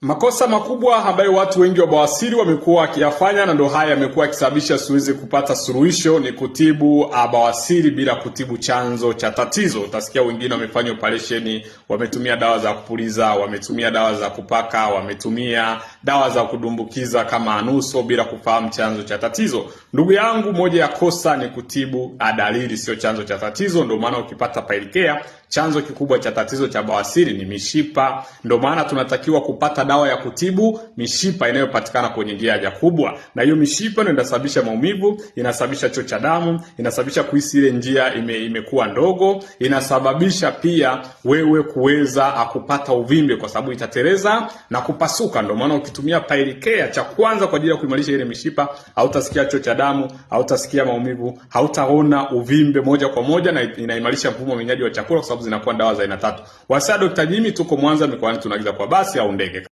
Makosa makubwa ambayo watu wengi wa bawasiri wamekuwa wakiyafanya na ndo haya yamekuwa yakisababisha asiweze kupata suluhisho ni kutibu ah, bawasiri bila kutibu chanzo cha tatizo. Utasikia wengine wamefanya operation, wametumia dawa za kupuliza, wametumia dawa za kupaka, wametumia dawa za kudumbukiza kama anuso bila kufahamu chanzo cha tatizo. Ndugu yangu, moja ya kosa ni kutibu dalili, sio chanzo cha tatizo. Ndio maana ukipata pailikea, chanzo kikubwa cha tatizo cha bawasiri ni mishipa. Ndio maana tunatakiwa kupata dawa ya kutibu mishipa inayopatikana kwenye njia ya haja kubwa, na hiyo mishipa ndio inasababisha maumivu, inasababisha choo cha damu, inasababisha kuhisi ile njia ime, imekuwa ndogo, inasababisha pia wewe kuweza kupata uvimbe, kwa sababu itatereza na kupasuka. Ndio maana ukitumia pailikea cha kwanza kwa ajili ya kuimarisha ile mishipa, hautasikia choo cha damu, hautasikia maumivu, hautaona uvimbe moja kwa moja, na inaimarisha mfumo wa mmeng'enyo wa chakula kwa sababu zinakuwa dawa za aina tatu. wasa Dr. Jimmy, tuko Mwanza mikoani, tunaagiza kwa basi au ndege.